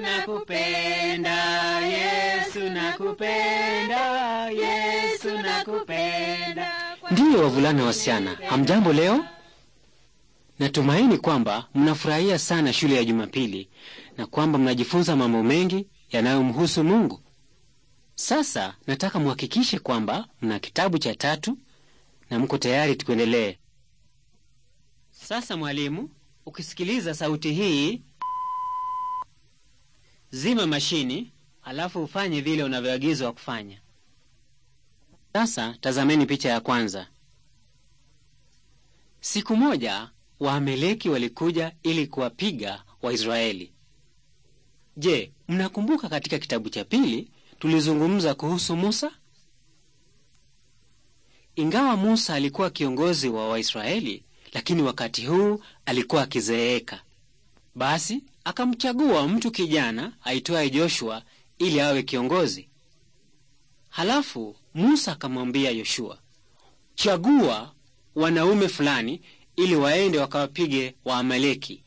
nakupenda, Yesu nakupenda, Yesu nakupenda. Ndiyo wavulana wasichana, hamjambo leo? Natumaini kwamba mnafurahia sana shule ya Jumapili na kwamba mnajifunza mambo mengi yanayomhusu Mungu. Sasa nataka muhakikishe kwamba mna kitabu cha tatu na mko tayari tukuendelee. Sasa mwalimu, ukisikiliza sauti hii zima mashini alafu ufanye vile unavyoagizwa kufanya. Sasa tazameni picha ya kwanza. Siku moja Waameleki walikuja ili kuwapiga Waisraeli. Je, mnakumbuka katika kitabu cha pili tulizungumza kuhusu Musa? Ingawa Musa alikuwa kiongozi wa Waisraeli, lakini wakati huu alikuwa akizeeka. Basi akamchagua mtu kijana aitwaye Joshua ili awe kiongozi. Halafu Musa akamwambia Yoshua, chagua wanaume fulani ili waende wakawapige Waamaleki.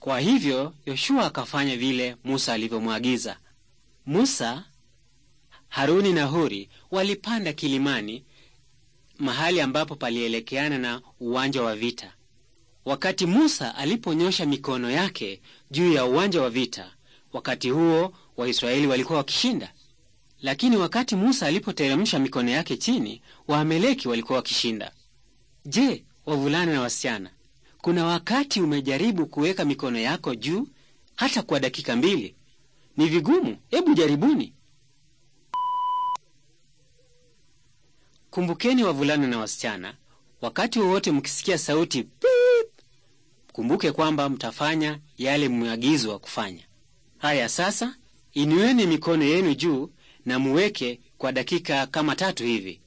Kwa hivyo Yoshua akafanya vile Musa alivyomwagiza. Musa, Haruni na Huri walipanda kilimani, mahali ambapo palielekeana na uwanja wa vita wakati Musa aliponyosha mikono yake juu ya uwanja wa vita. Wakati huo Waisraeli walikuwa wakishinda, lakini wakati Musa alipoteremsha mikono yake chini, Waameleki walikuwa wakishinda. Je, wavulana na wasichana, kuna wakati umejaribu kuweka mikono yako juu hata kwa dakika mbili? Ni vigumu. Hebu jaribuni. Kumbukeni wavulana na wasichana, wakati wowote mkisikia sauti kumbuke kwamba mtafanya yale mmeagizwa kufanya. Haya sasa, inueni mikono yenu juu na muweke kwa dakika kama tatu hivi.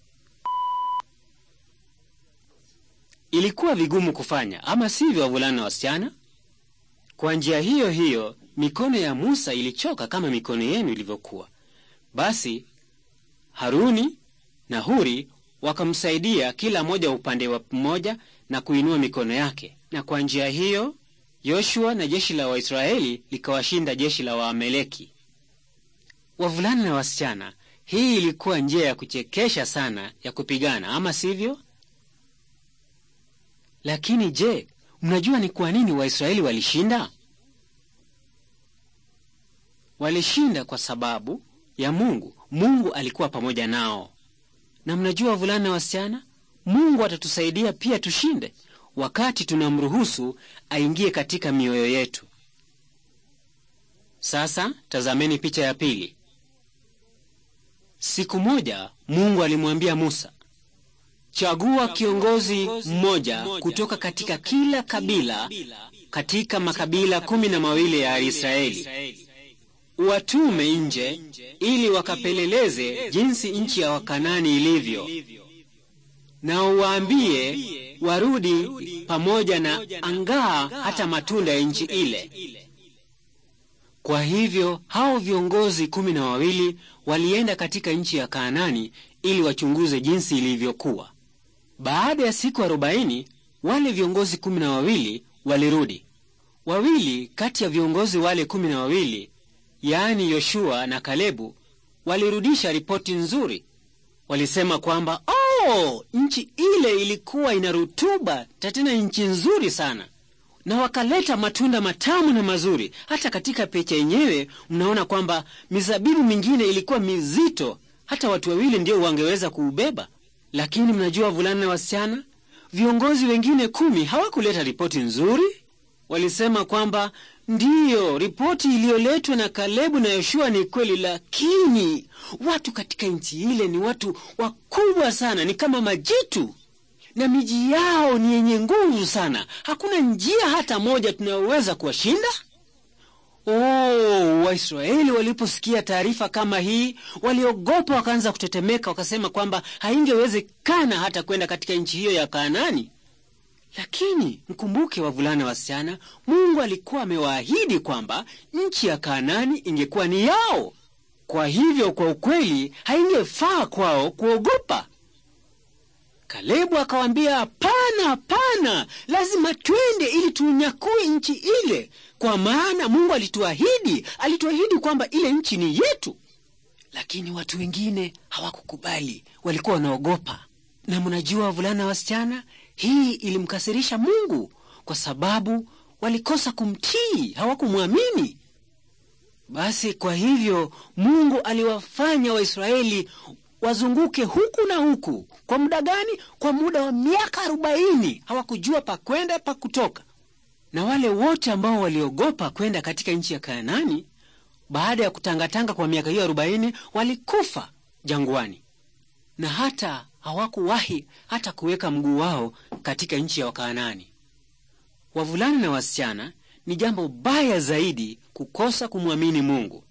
Ilikuwa vigumu kufanya, ama sivyo, wavulana na wasichana? Kwa njia hiyo hiyo mikono ya Musa ilichoka kama mikono yenu ilivyokuwa. Basi Haruni na Huri wakamsaidia kila mmoja upande wa mmoja na kuinua mikono yake na kwa njia hiyo Yoshua na jeshi la Waisraeli likawashinda jeshi la Waameleki. Wavulana na wasichana, hii ilikuwa njia ya kuchekesha sana ya kupigana, ama sivyo? Lakini je, mnajua ni kwa nini Waisraeli walishinda? Walishinda kwa sababu ya Mungu. Mungu alikuwa pamoja nao. Na mnajua wavulana na wasichana, Mungu atatusaidia pia tushinde wakati tunamruhusu aingie katika mioyo yetu. Sasa tazameni picha ya pili. Siku moja Mungu alimwambia Musa, chagua kiongozi mmoja kutoka katika kila kabila katika makabila kumi na mawili ya Israeli, watume nje ili wakapeleleze jinsi nchi ya Wakanani ilivyo na uwaambie warudi pamoja na angaa hata matunda ya nchi ile. Kwa hivyo hao viongozi kumi na wawili walienda katika nchi ya Kaanani ili wachunguze jinsi ilivyokuwa. Baada ya siku arobaini wale viongozi kumi na wawili walirudi. Wawili kati ya viongozi wale kumi na wawili yaani Yoshua na Kalebu walirudisha ripoti nzuri. Walisema kwamba oh! oh, nchi ile ilikuwa ina rutuba tena nchi nzuri sana, na wakaleta matunda matamu na mazuri. Hata katika picha yenyewe mnaona kwamba mizabibu mingine ilikuwa mizito, hata watu wawili ndio wangeweza kuubeba. Lakini mnajua, vulana na wasichana, viongozi wengine kumi hawakuleta ripoti nzuri. Walisema kwamba Ndiyo, ripoti iliyoletwa na Kalebu na Yoshua ni kweli, lakini watu katika nchi ile ni watu wakubwa sana, ni kama majitu na miji yao ni yenye nguvu sana. Hakuna njia hata moja tunayoweza kuwashinda. Oh, Waisraeli waliposikia taarifa kama hii waliogopa, wakaanza kutetemeka, wakasema kwamba haingewezekana hata kwenda katika nchi hiyo ya Kanaani. Lakini mkumbuke, wavulana wasichana, Mungu alikuwa amewaahidi kwamba nchi ya Kanaani ingekuwa ni yao. Kwa hivyo, kwa ukweli, haingefaa kwao kuogopa. Kalebu akawaambia, hapana, hapana, lazima twende ili tunyakue nchi ile, kwa maana Mungu alituahidi, alituahidi kwamba ile nchi ni yetu. Lakini watu wengine hawakukubali, walikuwa wanaogopa. Na mnajua wavulana wasichana, hii ilimkasirisha Mungu kwa sababu walikosa kumtii, hawakumwamini. Basi kwa hivyo Mungu aliwafanya Waisraeli wazunguke huku na huku. Kwa muda gani? Kwa muda wa miaka arobaini. Hawakujua pa kwenda pa kutoka. Na wale wote ambao waliogopa kwenda katika nchi ya Kanaani, baada ya kutangatanga kwa miaka hiyo arobaini, walikufa jangwani. Na hata hawakuwahi hata kuweka mguu wao katika nchi ya Wakaanani. Wavulana na wasichana, ni jambo baya zaidi kukosa kumwamini Mungu.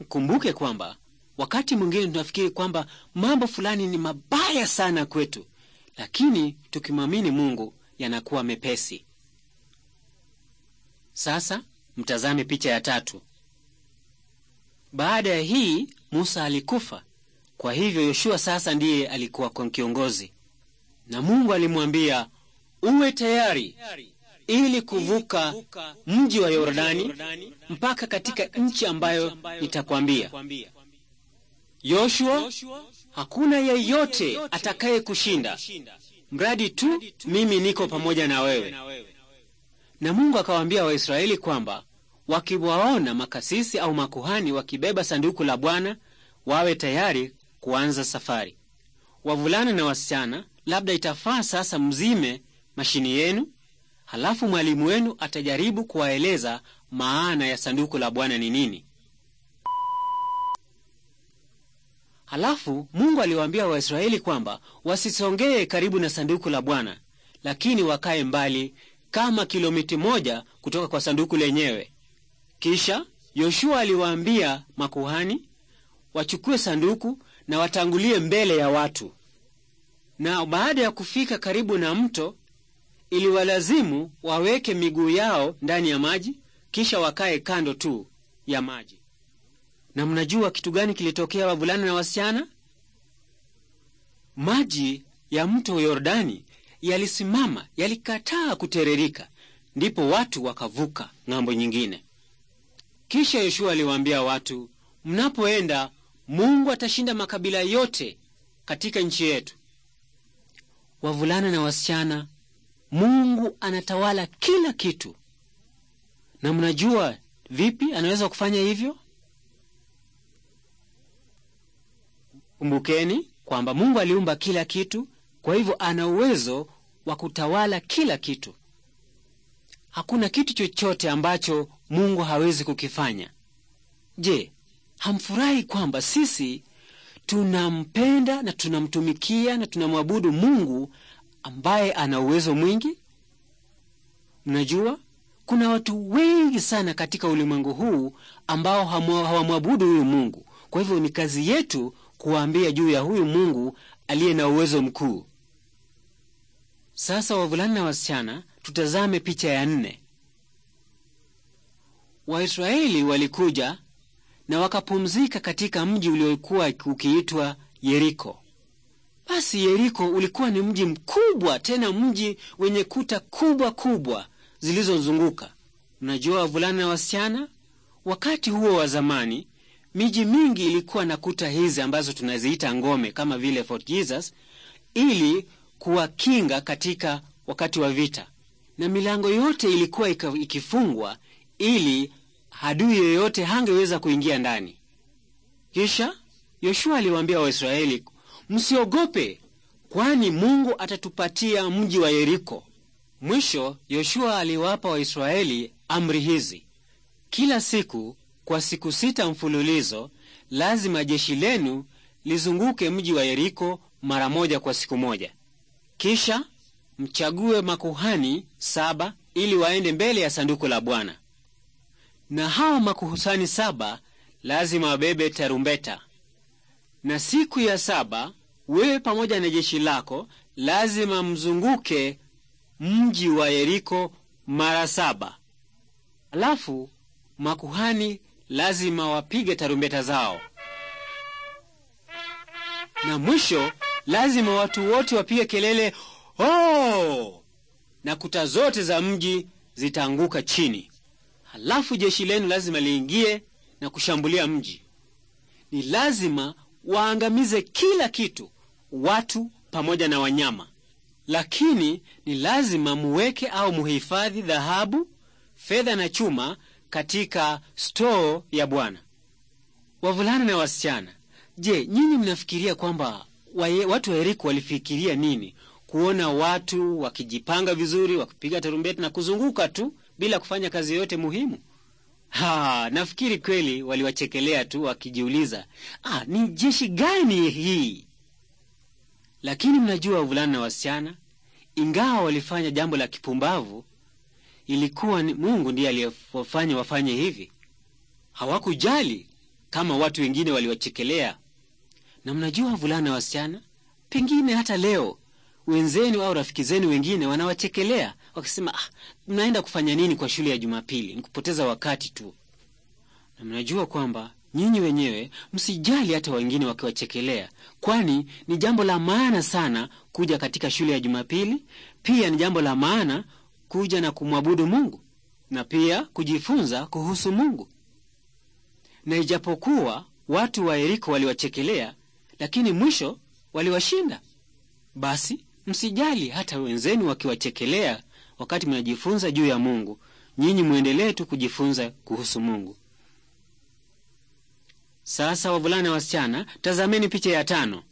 Mkumbuke kwamba wakati mwingine tunafikiri kwamba mambo fulani ni mabaya sana kwetu, lakini tukimwamini Mungu yanakuwa mepesi. Sasa mtazame picha ya tatu. Baada ya hii Musa alikufa kwa hivyo Yoshua sasa ndiye alikuwa kiongozi, na Mungu alimwambia uwe tayari ili kuvuka mji wa Yordani mpaka katika nchi ambayo nitakwambia. Yoshua, hakuna yeyote atakaye kushinda mradi tu mimi niko pamoja na wewe. Na Mungu akawaambia Waisraeli kwamba wakiwaona makasisi au makuhani wakibeba sanduku la Bwana wawe tayari kuanza safari. Wavulana na wasichana, labda itafaa sasa mzime mashini yenu, halafu mwalimu wenu atajaribu kuwaeleza maana ya sanduku la Bwana ni nini. Halafu Mungu aliwaambia Waisraeli kwamba wasisongee karibu na sanduku la Bwana, lakini wakae mbali kama kilomiti moja kutoka kwa sanduku lenyewe. Kisha Yoshua aliwaambia makuhani wachukue sanduku na watangulie mbele ya watu. Na baada ya kufika karibu na mto, iliwalazimu waweke miguu yao ndani ya maji, kisha wakae kando tu ya maji. Na mnajua kitu gani kilitokea wavulana na wasichana? Maji ya mto Yordani yalisimama, yalikataa kutererika. Ndipo watu wakavuka ng'ambo nyingine. Kisha Yoshua aliwaambia watu, mnapoenda Mungu atashinda makabila yote katika nchi yetu. Wavulana na wasichana, Mungu anatawala kila kitu. Na mnajua vipi anaweza kufanya hivyo? Kumbukeni kwamba Mungu aliumba kila kitu, kwa hivyo ana uwezo wa kutawala kila kitu. Hakuna kitu chochote ambacho Mungu hawezi kukifanya. Je, hamfurahi kwamba sisi tunampenda na tunamtumikia na tunamwabudu Mungu ambaye ana uwezo mwingi? Mnajua kuna watu wengi sana katika ulimwengu huu ambao hawamwabudu huyu Mungu. Kwa hivyo ni kazi yetu kuwaambia juu ya huyu Mungu aliye na uwezo mkuu. Sasa wavulana na wasichana, tutazame picha ya nne. Waisraeli walikuja na wakapumzika katika mji uliokuwa ukiitwa Yeriko. Basi Yeriko ulikuwa ni mji mkubwa, tena mji wenye kuta kubwa kubwa zilizozunguka. Unajua wavulana na wasichana, wakati huo wa zamani miji mingi ilikuwa na kuta hizi ambazo tunaziita ngome, kama vile Fort Jesus, ili kuwakinga katika wakati wa vita, na milango yote ilikuwa ikifungwa ili adui yoyote hangeweza kuingia ndani. Kisha Yoshua aliwaambia Waisraeli, msiogope, kwani Mungu atatupatia mji wa Yeriko. Mwisho Yoshua aliwapa Waisraeli amri hizi: kila siku kwa siku sita mfululizo lazima jeshi lenu lizunguke mji wa Yeriko mara moja kwa siku moja. Kisha mchague makuhani saba ili waende mbele ya sanduku la Bwana na hao makuhusani saba lazima wabebe tarumbeta, na siku ya saba wewe pamoja na jeshi lako lazima mzunguke mji wa Yeriko mara saba. Alafu makuhani lazima wapige tarumbeta zao, na mwisho lazima watu wote wapige kelele oh, na kuta zote za mji zitaanguka chini halafu jeshi lenu lazima liingie na kushambulia mji. Ni lazima waangamize kila kitu, watu pamoja na wanyama, lakini ni lazima muweke au muhifadhi dhahabu, fedha na chuma katika stoo ya Bwana. Wavulana na wasichana, je, nyinyi mnafikiria kwamba watu wa Yeriko walifikiria nini kuona watu wakijipanga vizuri, wakipiga tarumbeti na kuzunguka tu bila kufanya kazi yoyote muhimu? Ha, nafikiri kweli waliwachekelea tu wakijiuliza, ah, ni jeshi gani hii? Lakini mnajua wavulana na wasichana, ingawa walifanya jambo la kipumbavu, ilikuwa ni Mungu ndiye aliyewafanya wafanye hivi. Hawakujali kama watu wengine waliwachekelea. Na mnajua wavulana na wasichana, pengine hata leo wenzenu au rafiki zenu wengine wanawachekelea wakasema, ah, mnaenda kufanya nini kwa shule ya Jumapili? Ni kupoteza wakati tu, na mnajua kwamba nyinyi wenyewe msijali hata wengine wakiwachekelea, kwani ni jambo la maana sana kuja katika shule ya Jumapili. Pia ni jambo la maana kuja na kumwabudu Mungu na pia kujifunza kuhusu Mungu. Na ijapokuwa watu wa Yeriko waliwachekelea, lakini mwisho waliwashinda. Basi msijali hata wenzenu wakiwachekelea wakati mnajifunza juu ya Mungu, nyinyi mwendelee tu kujifunza kuhusu Mungu. Sasa wavulana na wasichana, tazameni picha ya tano.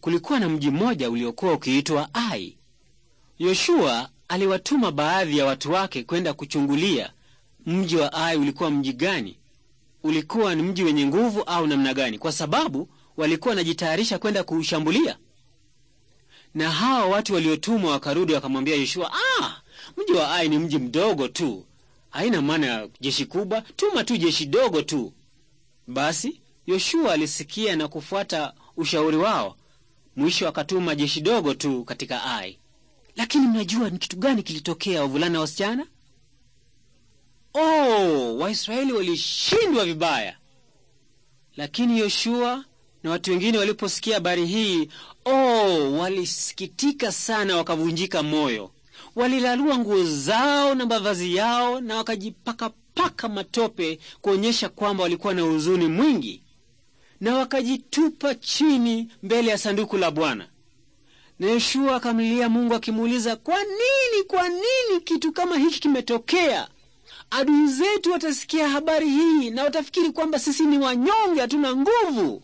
Kulikuwa na mji mmoja uliokuwa ukiitwa Ai. Yoshua aliwatuma baadhi ya watu wake kwenda kuchungulia mji wa Ai ulikuwa mji gani, ulikuwa ni mji wenye nguvu au namna gani, kwa sababu walikuwa wanajitayarisha kwenda kuushambulia. Na hawa watu waliotumwa wakarudi wakamwambia Yoshua, ah, mji wa Ai ni mji mdogo tu, haina maana ya jeshi kubwa, tuma tu jeshi dogo tu. Basi Yoshua alisikia na kufuata ushauri wao, mwisho akatuma jeshi dogo tu katika Ai. Lakini mnajua ni kitu gani kilitokea, wavulana na wasichana? Oh, Waisraeli walishindwa vibaya, lakini Yoshua na watu wengine waliposikia habari hii, oh, walisikitika sana, wakavunjika moyo. Walilalua nguo zao na mavazi yao na wakajipakapaka matope kuonyesha kwamba walikuwa na huzuni mwingi, na wakajitupa chini mbele ya sanduku la Bwana. Na Yoshua akamlilia Mungu akimuuliza, kwa nini, kwa nini kitu kama hiki kimetokea? Adui zetu watasikia habari hii na watafikiri kwamba sisi ni wanyonge, hatuna nguvu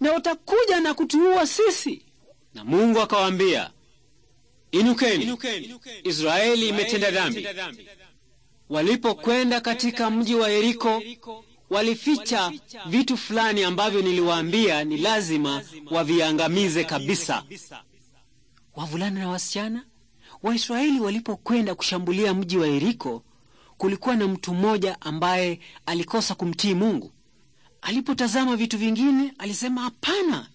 na utakuja na kutuua sisi. Na Mungu akawaambia, inukeni, inukeni. Israeli imetenda dhambi. Walipokwenda katika mji wa Yeriko, walificha vitu fulani ambavyo niliwaambia ni lazima waviangamize kabisa. Wavulana na wasichana Waisraeli walipokwenda kushambulia mji wa Yeriko, kulikuwa na mtu mmoja ambaye alikosa kumtii Mungu. Alipotazama vitu vingine alisema, hapana,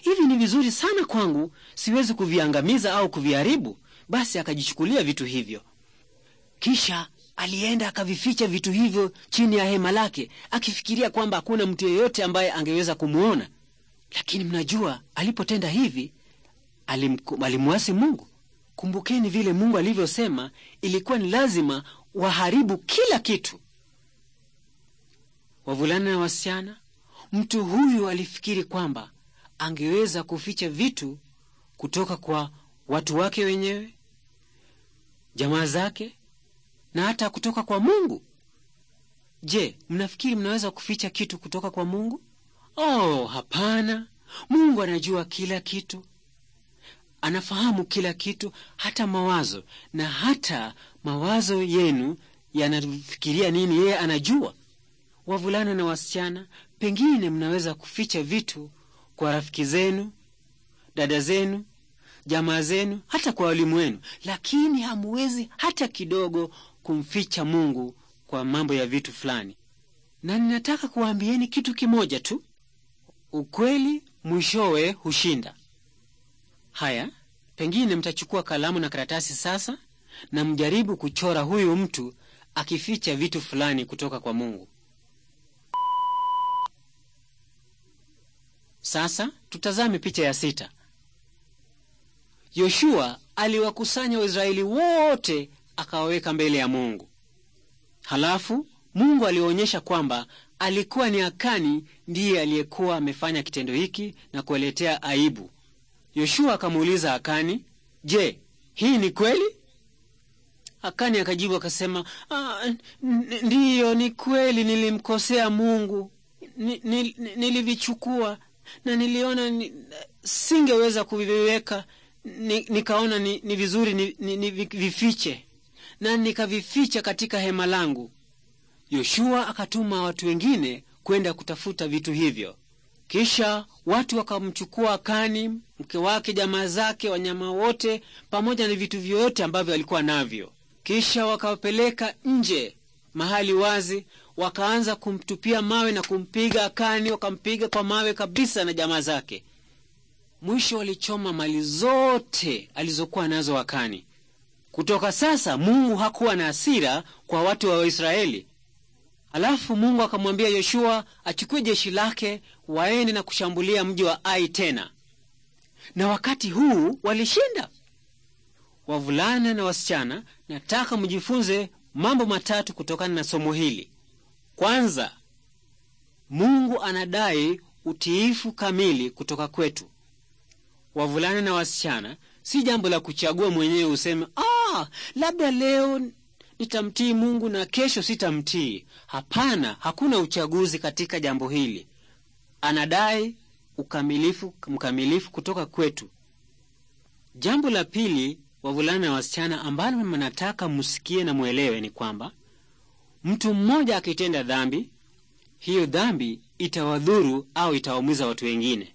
hivi ni vizuri sana kwangu, siwezi kuviangamiza au kuviharibu. Basi akajichukulia vitu hivyo, kisha alienda akavificha vitu hivyo chini ya hema lake, akifikiria kwamba hakuna mtu yeyote ambaye angeweza kumwona. Lakini mnajua alipotenda hivi alimwasi Mungu. Kumbukeni vile Mungu alivyosema, ilikuwa ni lazima waharibu kila kitu wavulana na wasichana. Mtu huyu alifikiri kwamba angeweza kuficha vitu kutoka kwa watu wake wenyewe, jamaa zake, na hata kutoka kwa Mungu. Je, mnafikiri mnaweza kuficha kitu kutoka kwa Mungu? Oh, hapana! Mungu anajua kila kitu, anafahamu kila kitu, hata mawazo, na hata mawazo yenu yanafikiria nini, yeye anajua wavulana na wasichana, pengine mnaweza kuficha vitu kwa rafiki zenu, dada zenu, jamaa zenu, hata kwa walimu wenu, lakini hamuwezi hata kidogo kumficha Mungu kwa mambo ya vitu fulani. Na ninataka kuwaambieni kitu kimoja tu, ukweli mwishowe hushinda. Haya, pengine mtachukua kalamu na karatasi sasa, na mjaribu kuchora huyu mtu akificha vitu fulani kutoka kwa Mungu. Sasa tutazame picha ya sita. Yoshua aliwakusanya Waisraeli wote akawaweka mbele ya Mungu. Halafu Mungu aliwaonyesha kwamba alikuwa ni Akani ndiye aliyekuwa amefanya kitendo hiki na kuwaletea aibu. Yoshua akamuuliza Akani, "Je, hii ni kweli?" Akani akajibu akasema, ah, "Ndiyo, ni kweli, nilimkosea Mungu, nilivichukua na niliona ni, singeweza kuviweka ni, nikaona ni, ni vizuri ni, ni, ni vifiche na nikavificha katika hema langu. Yoshua akatuma watu wengine kwenda kutafuta vitu hivyo. Kisha watu wakamchukua kani mke wake, jamaa zake, wanyama wote, pamoja na vitu vyote ambavyo alikuwa navyo. Kisha wakawapeleka nje mahali wazi, wakaanza kumtupia mawe na kumpiga akani, wakampiga kwa mawe kabisa na jamaa zake. Mwisho walichoma mali zote alizokuwa nazo Akani. Kutoka sasa Mungu hakuwa na hasira kwa watu wa Waisraeli. Alafu Mungu akamwambia Yoshua achukue jeshi lake waende na kushambulia mji wa Ai tena, na wakati huu walishinda. Wavulana na wasichana, nataka mjifunze mambo matatu kutokana na somo hili. Kwanza, Mungu anadai utiifu kamili kutoka kwetu. Wavulana na wasichana, si jambo la kuchagua mwenyewe useme, ah, labda leo nitamtii Mungu na kesho sitamtii. Hapana, hakuna uchaguzi katika jambo hili. Anadai ukamilifu mkamilifu kutoka kwetu. Jambo la pili, wavulana na wasichana, ambalo mnataka msikie na mwelewe ni kwamba Mtu mmoja akitenda dhambi, hiyo dhambi itawadhuru au itawaumiza watu wengine.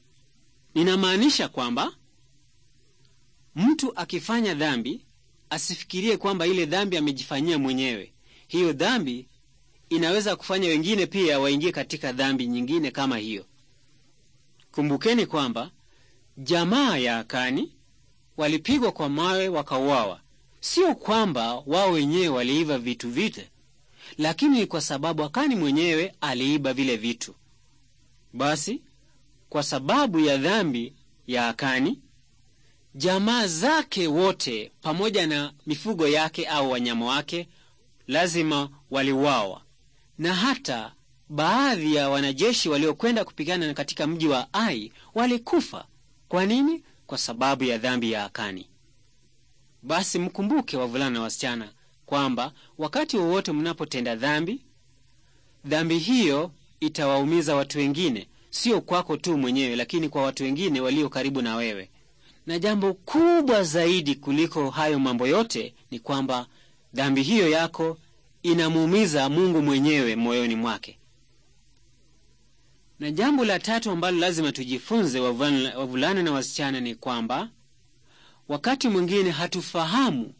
Ninamaanisha kwamba mtu akifanya dhambi asifikirie kwamba ile dhambi amejifanyia mwenyewe. Hiyo dhambi inaweza kufanya wengine pia waingie katika dhambi nyingine kama hiyo. Kumbukeni kwamba jamaa ya Akani walipigwa kwa mawe wakauawa, sio kwamba wao wenyewe waliiva vitu vite lakini ni kwa sababu Akani mwenyewe aliiba vile vitu. Basi kwa sababu ya dhambi ya Akani, jamaa zake wote pamoja na mifugo yake au wanyama wake lazima waliuawa, na hata baadhi ya wanajeshi waliokwenda kupigana katika mji wa Ai walikufa. Kwa nini? Kwa sababu ya dhambi ya Akani. Basi mkumbuke, wavulana na wasichana, kwamba wakati wowote mnapotenda dhambi, dhambi hiyo itawaumiza watu wengine, sio kwako tu mwenyewe, lakini kwa watu wengine walio karibu na wewe. Na jambo kubwa zaidi kuliko hayo mambo yote ni kwamba dhambi hiyo yako inamuumiza Mungu mwenyewe moyoni mwake. Na jambo la tatu ambalo lazima tujifunze, wavulana na wasichana, ni kwamba wakati mwingine hatufahamu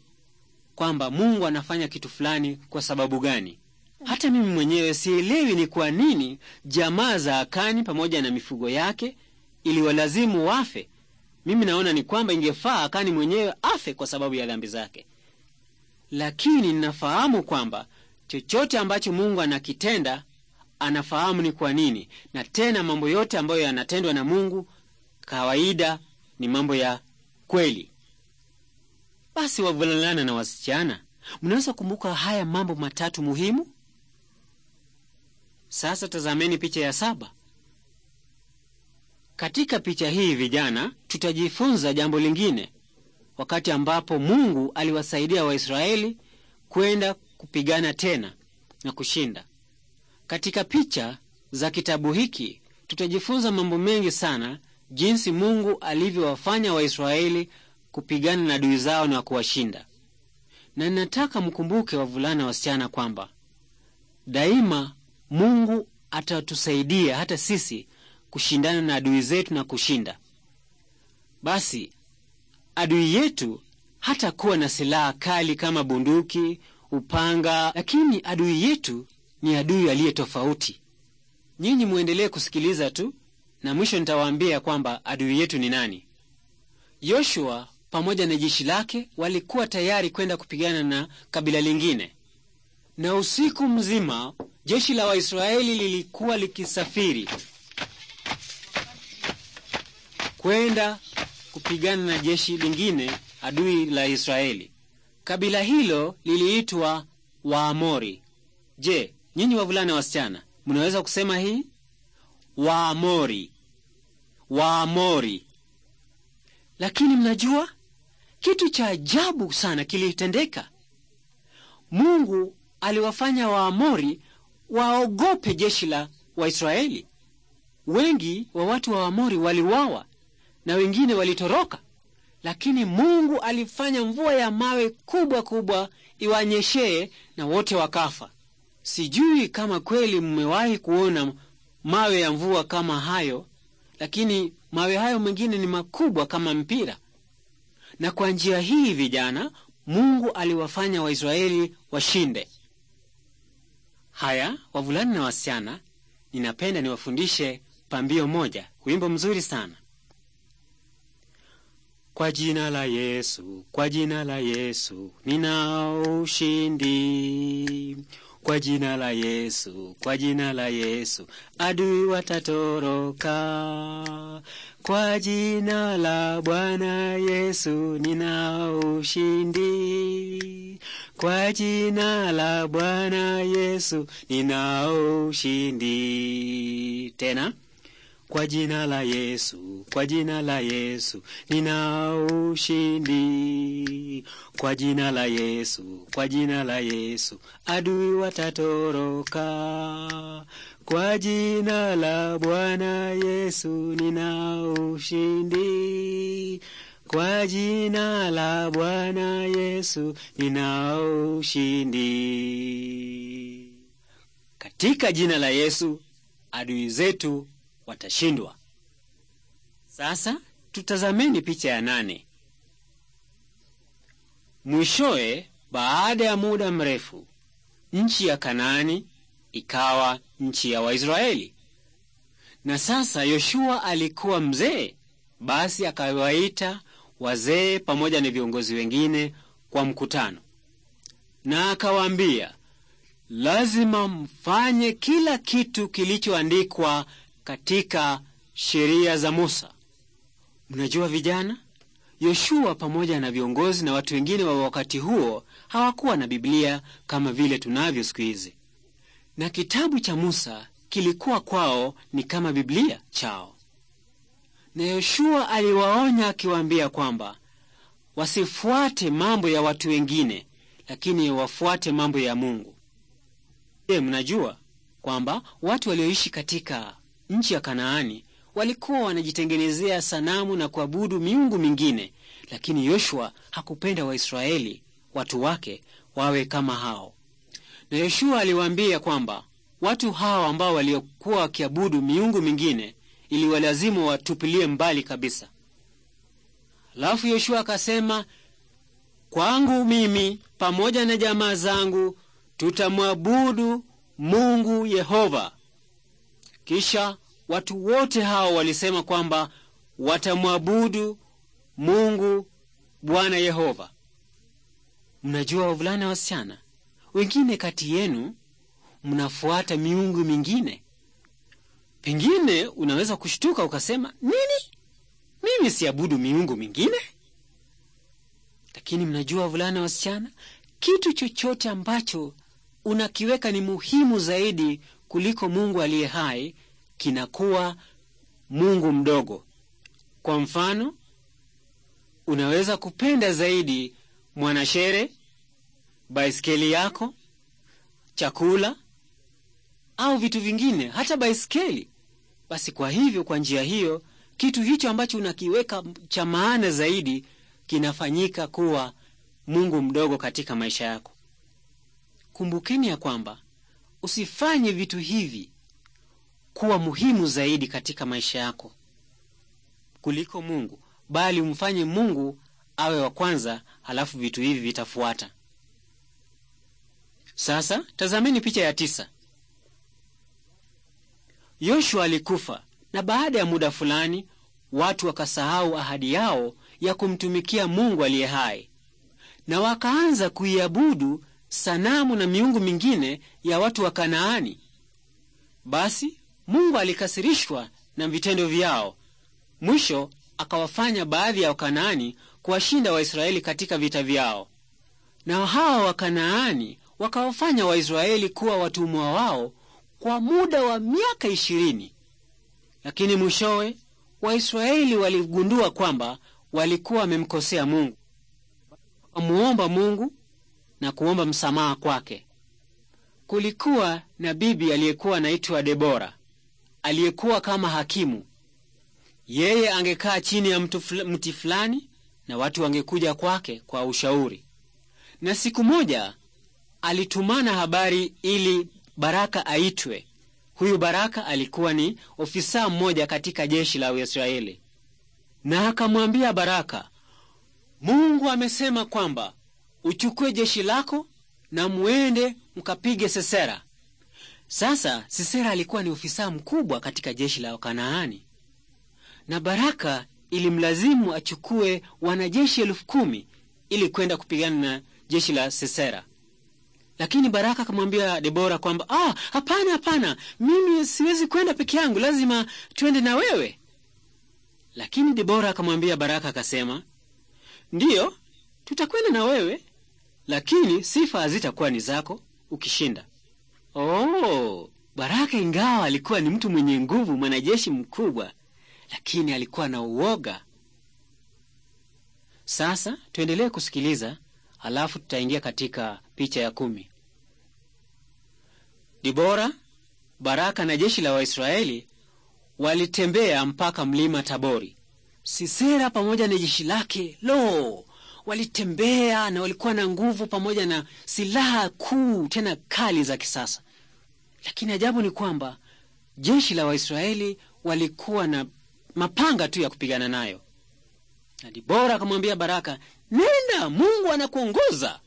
kwamba Mungu anafanya kitu fulani kwa sababu gani. Hata mimi mwenyewe sielewi ni kwa nini jamaa za Akani pamoja na mifugo yake iliwalazimu wafe. Mimi naona ni kwamba ingefaa Akani mwenyewe afe kwa sababu ya dhambi zake, lakini ninafahamu kwamba chochote ambacho Mungu anakitenda anafahamu ni kwa nini, na tena mambo yote ambayo yanatendwa na Mungu kawaida ni mambo ya kweli. Basi wavulana na wasichana, mnaweza kumbuka haya mambo matatu muhimu? Sasa tazameni picha ya saba. Katika picha hii vijana, tutajifunza jambo lingine, wakati ambapo Mungu aliwasaidia Waisraeli kwenda kupigana tena na kushinda. Katika picha za kitabu hiki tutajifunza mambo mengi sana, jinsi Mungu alivyowafanya Waisraeli kupigana na adui zao na kuwashinda. Na ninataka mkumbuke, wavulana, wasichana, kwamba daima Mungu atatusaidia hata sisi kushindana na adui zetu na kushinda. Basi adui yetu hatakuwa na silaha kali kama bunduki, upanga, lakini adui yetu ni adui aliye tofauti. Nyinyi muendelee kusikiliza tu, na mwisho nitawaambia kwamba adui yetu ni nani. Yoshua pamoja na jeshi lake walikuwa tayari kwenda kupigana na kabila lingine, na usiku mzima jeshi la Waisraeli lilikuwa likisafiri kwenda kupigana na jeshi lingine adui la Israeli. Kabila hilo liliitwa Waamori. Je, nyinyi wavulana wasichana mnaweza kusema hii? Waamori, Waamori. Lakini mnajua kitu cha ajabu sana kilitendeka. Mungu aliwafanya Waamori waogope jeshi la Waisraeli. Wengi wa watu wa Waamori waliuawa na wengine walitoroka, lakini Mungu alifanya mvua ya mawe kubwa kubwa iwanyeshee na wote wakafa. Sijui kama kweli mmewahi kuona mawe ya mvua kama hayo, lakini mawe hayo mengine ni makubwa kama mpira na kwa njia hii vijana Mungu aliwafanya Waisraeli washinde. Haya, wavulana na wasichana, ninapenda niwafundishe pambio moja, wimbo mzuri sana. Kwa jina la Yesu, kwa jina la Yesu nina ushindi kwa jina la Yesu, kwa jina la Yesu adui watatoroka. Kwa jina la Bwana Yesu nina ushindi, kwa jina la Bwana Yesu nina ushindi. Tena kwa jina la Yesu, kwa jina la Yesu nina ushindi. Kwa jina la Yesu, kwa jina la Yesu adui watatoroka. Kwa jina la Bwana Yesu nina ushindi. Kwa jina la Bwana Yesu nina ushindi. Katika jina la Yesu adui zetu watashindwa. Sasa tutazameni picha ya nane. Mwishowe, baada ya muda mrefu, nchi ya Kanaani ikawa nchi ya Waisraeli. Na sasa Yoshua alikuwa mzee, basi akawaita wazee pamoja na viongozi wengine kwa mkutano, na akawaambia, lazima mfanye kila kitu kilichoandikwa katika sheria za Musa. Mnajua vijana, Yoshua pamoja na viongozi na watu wengine wa wakati huo hawakuwa na Biblia kama vile tunavyo siku hizi, na kitabu cha Musa kilikuwa kwao ni kama Biblia chao. Na Yoshua aliwaonya akiwaambia kwamba wasifuate mambo ya watu wengine, lakini wafuate mambo ya Mungu. Je, mnajua kwamba watu walioishi katika nchi ya Kanaani walikuwa wanajitengenezea sanamu na kuabudu miungu mingine, lakini Yoshua hakupenda Waisraeli watu wake wawe kama hao. Na Yoshua aliwaambia kwamba watu hao ambao waliokuwa wakiabudu miungu mingine iliwalazimu watupilie mbali kabisa. Alafu Yoshua akasema, kwangu mimi pamoja na jamaa zangu tutamwabudu Mungu Yehova. Kisha watu wote hao walisema kwamba watamwabudu Mungu Bwana Yehova. Mnajua wavulana, wasichana, wengine kati yenu mnafuata miungu mingine. Pengine unaweza kushtuka ukasema, nini? Mimi siabudu miungu mingine. Lakini mnajua wavulana, wasichana, kitu chochote ambacho unakiweka ni muhimu zaidi kuliko Mungu aliye hai kinakuwa Mungu mdogo. Kwa mfano, unaweza kupenda zaidi mwanashere, baiskeli yako, chakula au vitu vingine, hata baiskeli. Basi kwa hivyo, kwa njia hiyo, kitu hicho ambacho unakiweka cha maana zaidi kinafanyika kuwa Mungu mdogo katika maisha yako. Kumbukeni ya kwamba usifanye vitu hivi kuwa muhimu zaidi katika maisha yako kuliko Mungu, bali umfanye Mungu awe wa kwanza, halafu vitu hivi vitafuata. Sasa tazameni picha ya tisa. Yoshua alikufa na baada ya muda fulani watu wakasahau ahadi yao ya kumtumikia Mungu aliye hai na wakaanza kuiabudu sanamu na miungu mingine ya watu wa Kanaani. Basi Mungu alikasirishwa na vitendo vyao. Mwisho akawafanya baadhi ya Wakanaani kuwashinda Waisraeli katika vita vyao, na hawa Wakanaani wakawafanya Waisraeli kuwa watumwa wao kwa muda wa miaka ishirini. Lakini mwishowe Waisraeli waligundua kwamba walikuwa wamemkosea Mungu, wamuomba Mungu na kuomba msamaha kwake. Kulikuwa na bibi aliyekuwa anaitwa Debora aliyekuwa kama hakimu. Yeye angekaa chini ya mti fulani na watu wangekuja kwake kwa ushauri. Na siku moja alitumana habari ili Baraka aitwe. Huyu Baraka alikuwa ni ofisa mmoja katika jeshi la Israeli, na akamwambia Baraka, Mungu amesema kwamba uchukue jeshi lako na muende mkapige Sesera, sasa Sisera alikuwa ni ofisa mkubwa katika jeshi la Wakanaani, na Baraka ilimlazimu achukue wanajeshi elfu kumi ili kwenda kupigana na jeshi la Sisera. Lakini Baraka akamwambia Debora kwamba ah, hapana hapana, mimi siwezi kwenda peke yangu, lazima twende na wewe. Lakini Debora akamwambia Baraka akasema, ndiyo, tutakwenda na wewe, lakini sifa hazitakuwa ni zako ukishinda. Oh, Baraka ingawa alikuwa ni mtu mwenye nguvu, mwanajeshi mkubwa, lakini alikuwa na uoga. Sasa tuendelee kusikiliza, alafu tutaingia katika picha ya kumi. Dibora, Baraka na jeshi la Waisraeli walitembea mpaka mlima Tabori. Sisera pamoja na jeshi lake lo walitembea na walikuwa na nguvu pamoja na silaha kuu tena kali za kisasa. Lakini ajabu ni kwamba jeshi la Waisraeli walikuwa na mapanga tu ya kupigana nayo, na Dibora akamwambia Baraka, nenda, Mungu anakuongoza.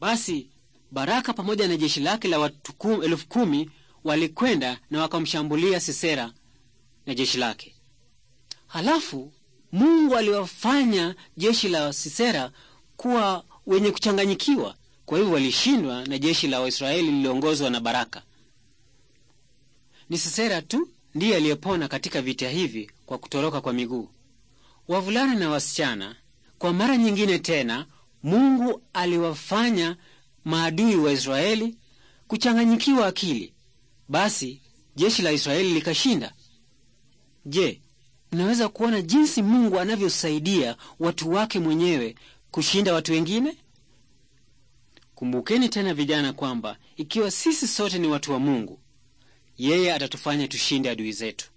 Basi Baraka pamoja na jeshi lake la watu elfu kumi walikwenda na wakamshambulia Sisera na jeshi lake. Halafu Mungu aliwafanya jeshi la Sisera kuwa wenye kuchanganyikiwa, kwa hivyo walishindwa na jeshi la Waisraeli liliongozwa na Baraka. Ni Sisera tu ndiye aliyepona katika vita hivi kwa kutoroka kwa miguu. Wavulana na wasichana, kwa mara nyingine tena, Mungu aliwafanya maadui wa Israeli kuchanganyikiwa akili, basi jeshi la Israeli likashinda. Je, Unaweza kuona jinsi Mungu anavyosaidia watu wake mwenyewe kushinda watu wengine. Kumbukeni tena vijana, kwamba ikiwa sisi sote ni watu wa Mungu, yeye atatufanya tushinde adui zetu.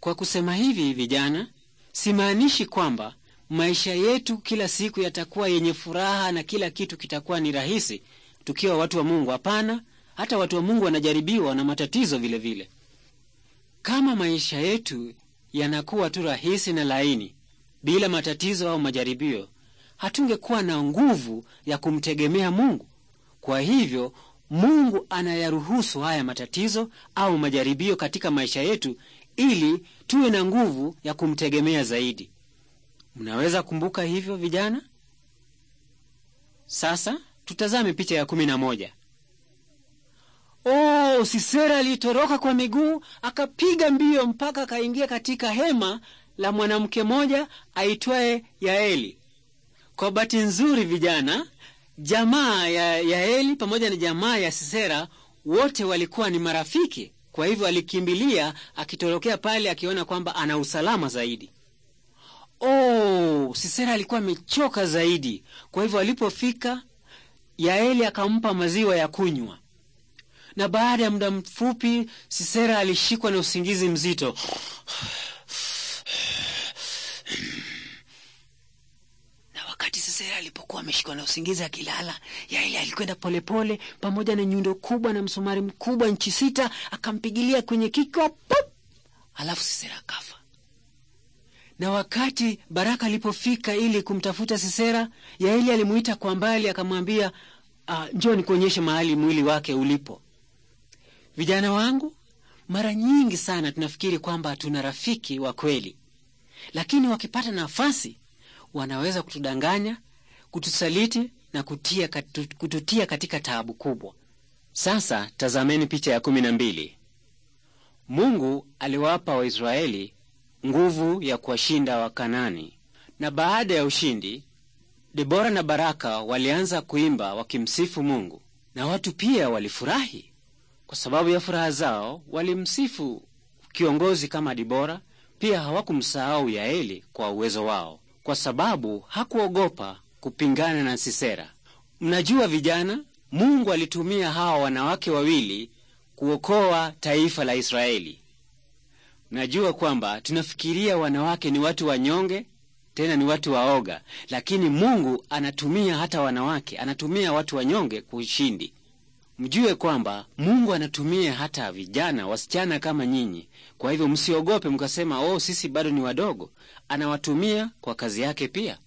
Kwa kusema hivi, vijana, simaanishi kwamba maisha yetu kila siku yatakuwa yenye furaha na kila kitu kitakuwa ni rahisi tukiwa watu wa Mungu. Hapana, hata watu wa Mungu wanajaribiwa na matatizo vilevile vile. Kama maisha yetu yanakuwa tu rahisi na laini bila matatizo au majaribio, hatungekuwa na nguvu ya kumtegemea Mungu. Kwa hivyo Mungu anayaruhusu haya matatizo au majaribio katika maisha yetu ili tuwe na nguvu ya kumtegemea zaidi. Mnaweza kumbuka hivyo vijana? Sasa tutazame picha ya kumi na moja. Oh, Leo Sisera alitoroka kwa miguu akapiga mbio mpaka akaingia katika hema la mwanamke mmoja aitwaye Yaeli. Kwa bahati nzuri, vijana, jamaa ya Yaeli pamoja na jamaa ya Sisera wote walikuwa ni marafiki. Kwa hivyo alikimbilia akitorokea pale akiona kwamba ana usalama zaidi. Oh, Sisera alikuwa amechoka zaidi. Kwa hivyo alipofika, Yaeli akampa maziwa ya kunywa na baada ya muda mfupi Sisera alishikwa na usingizi mzito. Na wakati Sisera alipokuwa ameshikwa na usingizi akilala, Yaeli alikwenda polepole pamoja na nyundo kubwa na msumari mkubwa nchi sita, akampigilia kwenye kichwa pop, alafu Sisera akafa. Na wakati Baraka alipofika ili kumtafuta Sisera, Yaeli alimuita kwa mbali akamwambia, uh, njoo nikuonyeshe mahali mwili wake ulipo. Vijana wangu, mara nyingi sana tunafikiri kwamba tuna rafiki wa kweli, lakini wakipata nafasi wanaweza kutudanganya, kutusaliti na kutia, kututia katika taabu kubwa. Sasa tazameni picha ya kumi na mbili. Mungu aliwapa Waisraeli nguvu ya kuwashinda Wakanani, na baada ya ushindi, Debora na Baraka walianza kuimba wakimsifu Mungu, na watu pia walifurahi. Kwa sababu ya furaha zao walimsifu kiongozi kama Dibora. Pia hawakumsahau Yaeli kwa uwezo wao, kwa sababu hakuogopa kupingana na Sisera. Mnajua vijana, Mungu alitumia hawa wanawake wawili kuokoa taifa la Israeli. Mnajua kwamba tunafikiria wanawake ni watu wanyonge, tena ni watu waoga, lakini Mungu anatumia hata wanawake, anatumia watu wanyonge kushindi mjue kwamba Mungu anatumia hata vijana wasichana kama nyinyi. Kwa hivyo msiogope mkasema, oh, sisi bado ni wadogo. Anawatumia kwa kazi yake pia.